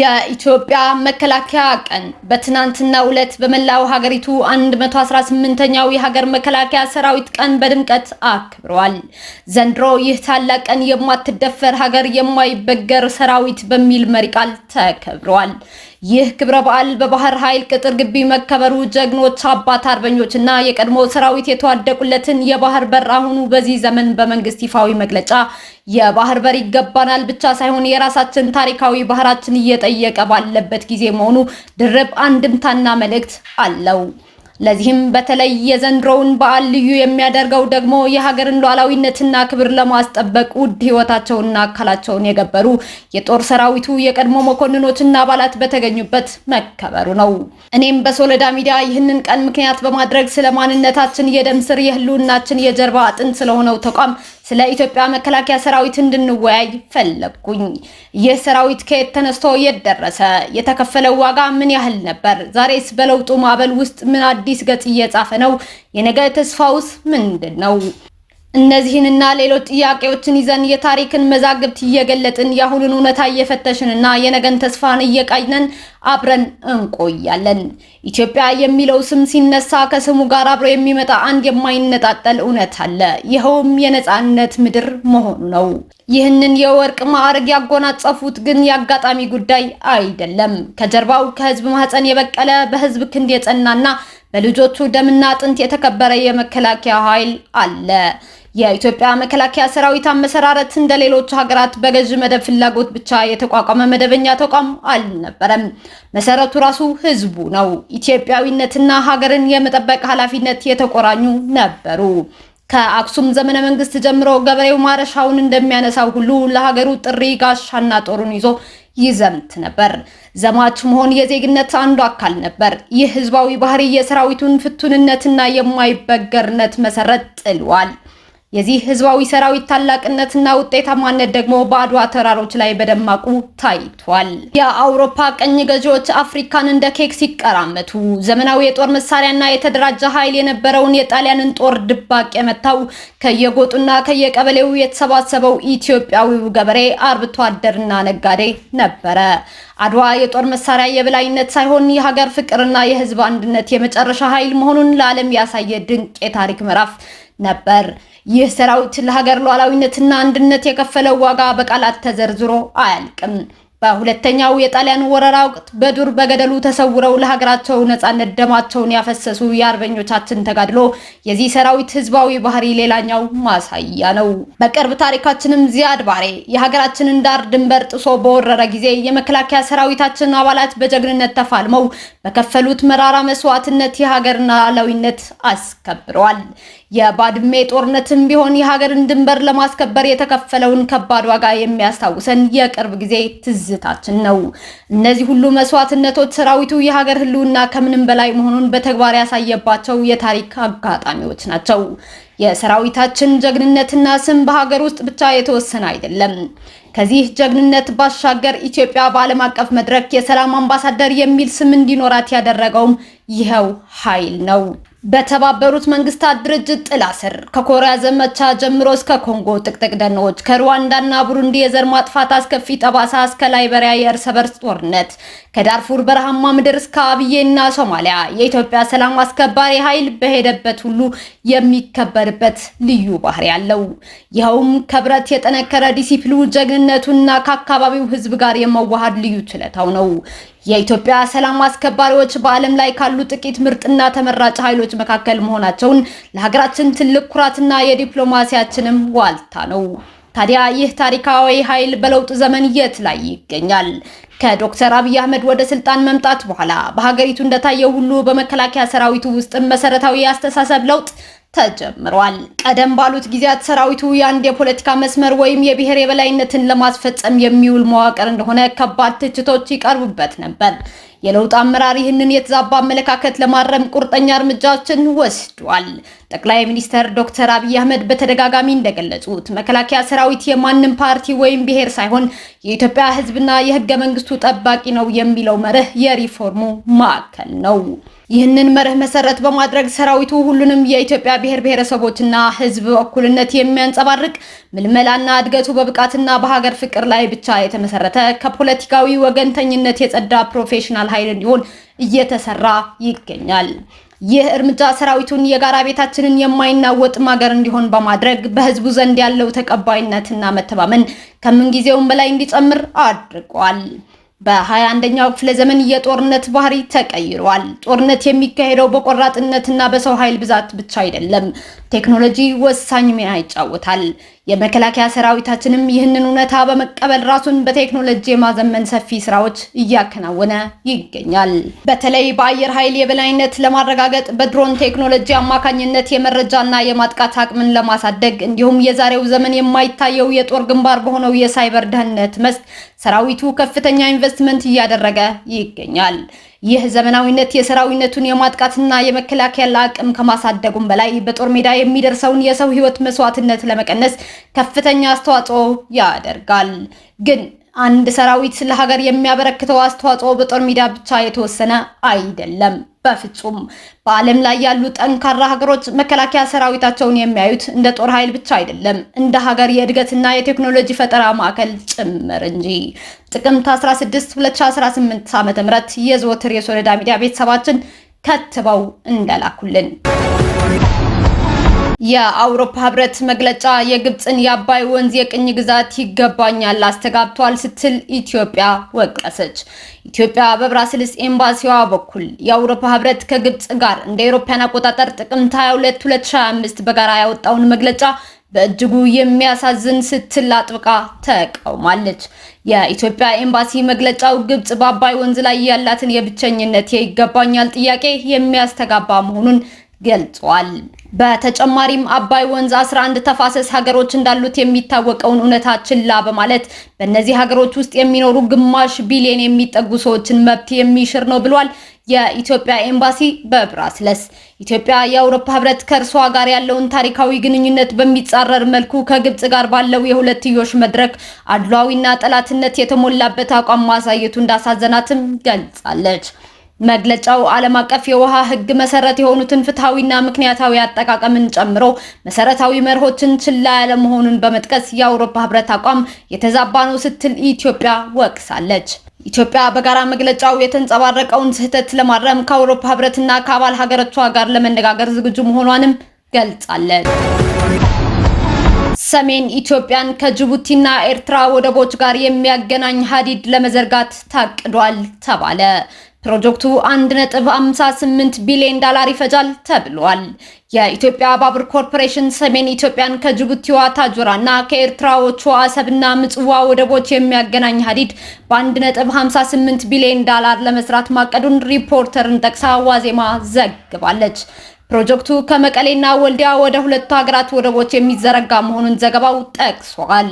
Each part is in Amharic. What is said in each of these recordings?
የኢትዮጵያ መከላከያ ቀን በትናንትናው ዕለት በመላው ሀገሪቱ 118ኛው የሀገር መከላከያ ሰራዊት ቀን በድምቀት አክብሯል። ዘንድሮ ይህ ታላቅ ቀን የማትደፈር ሀገር፣ የማይበገር ሰራዊት በሚል መሪ ቃል ተከብረዋል። ይህ ክብረ በዓል በባህር ኃይል ቅጥር ግቢ መከበሩ ጀግኖች አባት አርበኞች እና የቀድሞ ሰራዊት የተዋደቁለትን የባህር በር አሁኑ በዚህ ዘመን በመንግስት ይፋዊ መግለጫ የባህር በር ይገባናል ብቻ ሳይሆን የራሳችን ታሪካዊ ባህራችን እየጠየቀ ባለበት ጊዜ መሆኑ ድርብ አንድምታና መልእክት አለው። ለዚህም በተለይ የዘንድሮውን በዓል ልዩ የሚያደርገው ደግሞ የሀገርን ሉዓላዊነትና ክብር ለማስጠበቅ ውድ ህይወታቸውንና አካላቸውን የገበሩ የጦር ሰራዊቱ የቀድሞ መኮንኖችና አባላት በተገኙበት መከበሩ ነው። እኔም በሶለዳ ሚዲያ ይህንን ቀን ምክንያት በማድረግ ስለ ማንነታችን የደም ስር የህልውናችን የጀርባ አጥንት ስለሆነው ተቋም ስለ ኢትዮጵያ መከላከያ ሰራዊት እንድንወያይ ፈለግኩኝ። ይህ ሰራዊት ከየት ተነስቶ የት ደረሰ? የተከፈለው ዋጋ ምን ያህል ነበር? ዛሬስ በለውጡ ማዕበል ውስጥ ምን አዲስ ገጽ እየጻፈ ነው? የነገ ተስፋውስ ምንድን ነው? እነዚህንና ሌሎች ጥያቄዎችን ይዘን የታሪክን መዛግብት እየገለጥን የአሁኑን እውነታ እየፈተሽን የነገን ተስፋን እየቃኝነን አብረን እንቆያለን። ኢትዮጵያ የሚለው ስም ሲነሳ ከስሙ ጋር አብሮ የሚመጣ አንድ የማይነጣጠል እውነት አለ። ይኸውም የነፃነት ምድር መሆኑ ነው። ይህንን የወርቅ ማዕረግ ያጎናጸፉት ግን የአጋጣሚ ጉዳይ አይደለም። ከጀርባው ከህዝብ ማህፀን የበቀለ በህዝብ ክንድ የጸናና በልጆቹ ደምና አጥንት የተከበረ የመከላከያ ኃይል አለ። የኢትዮጵያ መከላከያ ሰራዊት አመሰራረት እንደ ሌሎች ሀገራት በገዥ መደብ ፍላጎት ብቻ የተቋቋመ መደበኛ ተቋም አልነበረም። መሰረቱ ራሱ ህዝቡ ነው። ኢትዮጵያዊነትና ሀገርን የመጠበቅ ኃላፊነት የተቆራኙ ነበሩ። ከአክሱም ዘመነ መንግስት ጀምሮ ገበሬው ማረሻውን እንደሚያነሳው ሁሉ ለሀገሩ ጥሪ ጋሻና ጦሩን ይዞ ይዘምት ነበር። ዘማች መሆን የዜግነት አንዱ አካል ነበር። ይህ ህዝባዊ ባህሪ የሰራዊቱን ፍቱንነትና የማይበገርነት መሰረት ጥሏል። የዚህ ህዝባዊ ሰራዊት ታላቅነትና ውጤታማነት ደግሞ በአድዋ ተራሮች ላይ በደማቁ ታይቷል። የአውሮፓ ቀኝ ገዢዎች አፍሪካን እንደ ኬክ ሲቀራመቱ ዘመናዊ የጦር መሳሪያና የተደራጀ ኃይል የነበረውን የጣሊያንን ጦር ድባቅ የመታው ከየጎጡና ከየቀበሌው የተሰባሰበው ኢትዮጵያዊው ገበሬ አርብቶ አደርና ነጋዴ ነበረ። አድዋ የጦር መሳሪያ የበላይነት ሳይሆን የሀገር ፍቅርና የህዝብ አንድነት የመጨረሻ ኃይል መሆኑን ለዓለም ያሳየ ድንቅ የታሪክ ምዕራፍ ነበር። ይህ ሰራዊት ለሀገር ሉዓላዊነትና አንድነት የከፈለው ዋጋ በቃላት ተዘርዝሮ አያልቅም። በሁለተኛው የጣሊያን ወረራ ወቅት በዱር በገደሉ ተሰውረው ለሀገራቸው ነጻነት ደማቸውን ያፈሰሱ የአርበኞቻችን ተጋድሎ የዚህ ሰራዊት ህዝባዊ ባህሪ ሌላኛው ማሳያ ነው። በቅርብ ታሪካችንም ዚያድ ባሬ የሀገራችንን ዳር ድንበር ጥሶ በወረረ ጊዜ የመከላከያ ሰራዊታችን አባላት በጀግንነት ተፋልመው በከፈሉት መራራ መስዋዕትነት የሀገርና ሉዓላዊነት አስከብረዋል። የባድሜ ጦርነትም ቢሆን የሀገርን ድንበር ለማስከበር የተከፈለውን ከባድ ዋጋ የሚያስታውሰን የቅርብ ጊዜ ትዝታችን ነው። እነዚህ ሁሉ መስዋዕትነቶች ሰራዊቱ የሀገር ሕልውና ከምንም በላይ መሆኑን በተግባር ያሳየባቸው የታሪክ አጋጣሚዎች ናቸው። የሰራዊታችን ጀግንነትና ስም በሀገር ውስጥ ብቻ የተወሰነ አይደለም። ከዚህ ጀግንነት ባሻገር ኢትዮጵያ በዓለም አቀፍ መድረክ የሰላም አምባሳደር የሚል ስም እንዲኖራት ያደረገውም ይኸው ኃይል ነው። በተባበሩት መንግስታት ድርጅት ጥላ ስር ከኮሪያ ዘመቻ ጀምሮ እስከ ኮንጎ ጥቅጥቅ ደኖች ከሩዋንዳና ቡሩንዲ የዘር ማጥፋት አስከፊ ጠባሳ እስከ ላይበሪያ የእርስ በርስ ጦርነት ከዳርፉር በረሃማ ምድር እስከ አብዬና ሶማሊያ የኢትዮጵያ ሰላም አስከባሪ ኃይል በሄደበት ሁሉ የሚከበርበት ልዩ ባህሪ ያለው ይኸውም ከብረት የጠነከረ ዲሲፕሊኑ ጀግንነቱና ከአካባቢው ህዝብ ጋር የመዋሃድ ልዩ ችለታው ነው። የኢትዮጵያ ሰላም አስከባሪዎች በዓለም ላይ ካሉ ጥቂት ምርጥና ተመራጭ ኃይሎች መካከል መሆናቸውን ለሀገራችን ትልቅ ኩራትና የዲፕሎማሲያችንም ዋልታ ነው። ታዲያ ይህ ታሪካዊ ኃይል በለውጥ ዘመን የት ላይ ይገኛል? ከዶክተር አብይ አህመድ ወደ ስልጣን መምጣት በኋላ በሀገሪቱ እንደታየው ሁሉ በመከላከያ ሰራዊቱ ውስጥ መሰረታዊ አስተሳሰብ ለውጥ ተጀምሯል። ቀደም ባሉት ጊዜያት ሰራዊቱ የአንድ የፖለቲካ መስመር ወይም የብሔር የበላይነትን ለማስፈጸም የሚውል መዋቅር እንደሆነ ከባድ ትችቶች ይቀርቡበት ነበር። የለውጥ አመራር ይህንን የተዛባ አመለካከት ለማረም ቁርጠኛ እርምጃዎችን ወስዷል። ጠቅላይ ሚኒስተር ዶክተር አብይ አህመድ በተደጋጋሚ እንደገለጹት መከላከያ ሰራዊት የማንም ፓርቲ ወይም ብሔር ሳይሆን የኢትዮጵያ ሕዝብና የህገ መንግስቱ ጠባቂ ነው የሚለው መርህ የሪፎርሙ ማዕከል ነው። ይህንን መርህ መሰረት በማድረግ ሰራዊቱ ሁሉንም የኢትዮጵያ ብሔር ብሔረሰቦችና ሕዝብ እኩልነት የሚያንጸባርቅ ምልመላና እድገቱ በብቃትና በሀገር ፍቅር ላይ ብቻ የተመሰረተ ከፖለቲካዊ ወገንተኝነት የጸዳ ፕሮፌሽናል ፕሮፌሽናል ኃይል እንዲሆን እየተሰራ ይገኛል። ይህ እርምጃ ሰራዊቱን የጋራ ቤታችንን የማይናወጥ ማገር እንዲሆን በማድረግ በህዝቡ ዘንድ ያለው ተቀባይነትና መተማመን ከምንጊዜውም በላይ እንዲጨምር አድርጓል። በ21ኛው ክፍለ ዘመን የጦርነት ባህሪ ተቀይሯል። ጦርነት የሚካሄደው በቆራጥነትና በሰው ኃይል ብዛት ብቻ አይደለም። ቴክኖሎጂ ወሳኝ ሚና ይጫወታል። የመከላከያ ሰራዊታችንም ይህንን እውነታ በመቀበል ራሱን በቴክኖሎጂ የማዘመን ሰፊ ስራዎች እያከናወነ ይገኛል። በተለይ በአየር ኃይል የበላይነት ለማረጋገጥ በድሮን ቴክኖሎጂ አማካኝነት የመረጃና የማጥቃት አቅምን ለማሳደግ እንዲሁም የዛሬው ዘመን የማይታየው የጦር ግንባር በሆነው የሳይበር ደህንነት መስክ ሰራዊቱ ከፍተኛ ኢንቨስትመንት እያደረገ ይገኛል። ይህ ዘመናዊነት የሰራዊነቱን የማጥቃትና የመከላከያ አቅም ከማሳደጉም በላይ በጦር ሜዳ የሚደርሰውን የሰው ሕይወት መስዋዕትነት ለመቀነስ ከፍተኛ አስተዋጽኦ ያደርጋል። ግን አንድ ሰራዊት ለሀገር የሚያበረክተው አስተዋጽኦ በጦር ሜዳ ብቻ የተወሰነ አይደለም። በፍጹም በዓለም ላይ ያሉ ጠንካራ ሀገሮች መከላከያ ሰራዊታቸውን የሚያዩት እንደ ጦር ኃይል ብቻ አይደለም፣ እንደ ሀገር የእድገትና የቴክኖሎጂ ፈጠራ ማዕከል ጭምር እንጂ። ጥቅምት 16 2018 ም የዘወትር የሶለዳ ሚዲያ ቤተሰባችን ከትበው እንደላኩልን የአውሮፓ ህብረት መግለጫ የግብፅን የአባይ ወንዝ የቅኝ ግዛት ይገባኛል አስተጋብቷል ስትል ኢትዮጵያ ወቀሰች። ኢትዮጵያ በብራስልስ ኤምባሲዋ በኩል የአውሮፓ ህብረት ከግብፅ ጋር እንደ አውሮፓውያን አቆጣጠር ጥቅምት 22 2025 በጋራ ያወጣውን መግለጫ በእጅጉ የሚያሳዝን ስትል አጥብቃ ተቃውማለች። የኢትዮጵያ ኤምባሲ መግለጫው ግብፅ በአባይ ወንዝ ላይ ያላትን የብቸኝነት የይገባኛል ጥያቄ የሚያስተጋባ መሆኑን ገልጿል። በተጨማሪም አባይ ወንዝ 11 ተፋሰስ ሀገሮች እንዳሉት የሚታወቀውን እውነታ ችላ በማለት በእነዚህ ሀገሮች ውስጥ የሚኖሩ ግማሽ ቢሊዮን የሚጠጉ ሰዎችን መብት የሚሽር ነው ብሏል። የኢትዮጵያ ኤምባሲ በብራስለስ ኢትዮጵያ የአውሮፓ ህብረት ከእርሷ ጋር ያለውን ታሪካዊ ግንኙነት በሚጻረር መልኩ ከግብጽ ጋር ባለው የሁለትዮሽ መድረክ አድሏዊና ጠላትነት የተሞላበት አቋም ማሳየቱ እንዳሳዘናትም ገልጻለች። መግለጫው ዓለም አቀፍ የውሃ ሕግ መሰረት የሆኑትን ፍትሐዊና ምክንያታዊ አጠቃቀምን ጨምሮ መሰረታዊ መርሆችን ችላ ያለ መሆኑን በመጥቀስ የአውሮፓ ሕብረት አቋም የተዛባ ነው ስትል ኢትዮጵያ ወቅሳለች። ኢትዮጵያ በጋራ መግለጫው የተንጸባረቀውን ስህተት ለማረም ከአውሮፓ ሕብረትና ከአባል ሀገሮቿ ጋር ለመነጋገር ዝግጁ መሆኗንም ገልጻለች። ሰሜን ኢትዮጵያን ከጅቡቲና ኤርትራ ወደቦች ጋር የሚያገናኝ ሀዲድ ለመዘርጋት ታቅዷል ተባለ። ፕሮጀክቱ 1.58 ቢሊዮን ዶላር ይፈጃል ተብሏል። የኢትዮጵያ ባቡር ኮርፖሬሽን ሰሜን ኢትዮጵያን ከጅቡቲዋ ታጁራ እና ከኤርትራዎቹ አሰብና ምጽዋ ወደቦች የሚያገናኝ ሀዲድ በ1.58 ቢሊዮን ዶላር ለመስራት ማቀዱን ሪፖርተርን ጠቅሳ ዋዜማ ዘግባለች። ፕሮጀክቱ ከመቀሌና ወልዲያ ወደ ሁለቱ ሀገራት ወደቦች የሚዘረጋ መሆኑን ዘገባው ጠቅሷል።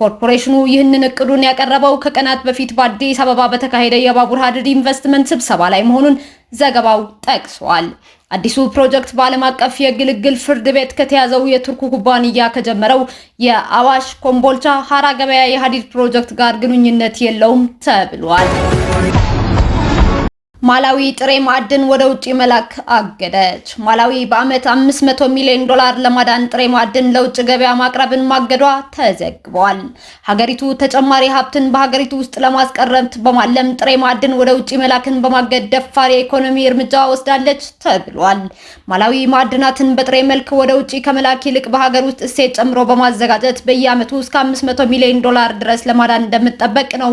ኮርፖሬሽኑ ይህንን እቅዱን ያቀረበው ከቀናት በፊት በአዲስ አበባ በተካሄደ የባቡር ሀዲድ ኢንቨስትመንት ስብሰባ ላይ መሆኑን ዘገባው ጠቅሷል። አዲሱ ፕሮጀክት በዓለም አቀፍ የግልግል ፍርድ ቤት ከተያዘው የቱርኩ ኩባንያ ከጀመረው የአዋሽ ኮምቦልቻ ሀራ ገበያ የሀዲድ ፕሮጀክት ጋር ግንኙነት የለውም ተብሏል። ማላዊ ጥሬ ማዕድን ወደ ውጭ መላክ አገደች። ማላዊ በዓመት 500 ሚሊዮን ዶላር ለማዳን ጥሬ ማዕድን ለውጭ ገበያ ማቅረብን ማገዷ ተዘግቧል። ሀገሪቱ ተጨማሪ ሀብትን በሀገሪቱ ውስጥ ለማስቀረት በማለም ጥሬ ማዕድን ወደ ውጭ መላክን በማገድ ደፋር የኢኮኖሚ እርምጃ ወስዳለች ተብሏል። ማላዊ ማዕድናትን በጥሬ መልክ ወደ ውጭ ከመላክ ይልቅ በሀገር ውስጥ እሴት ጨምሮ በማዘጋጀት በየዓመቱ እስከ 500 ሚሊዮን ዶላር ድረስ ለማዳን እንደምትጠበቅ ነው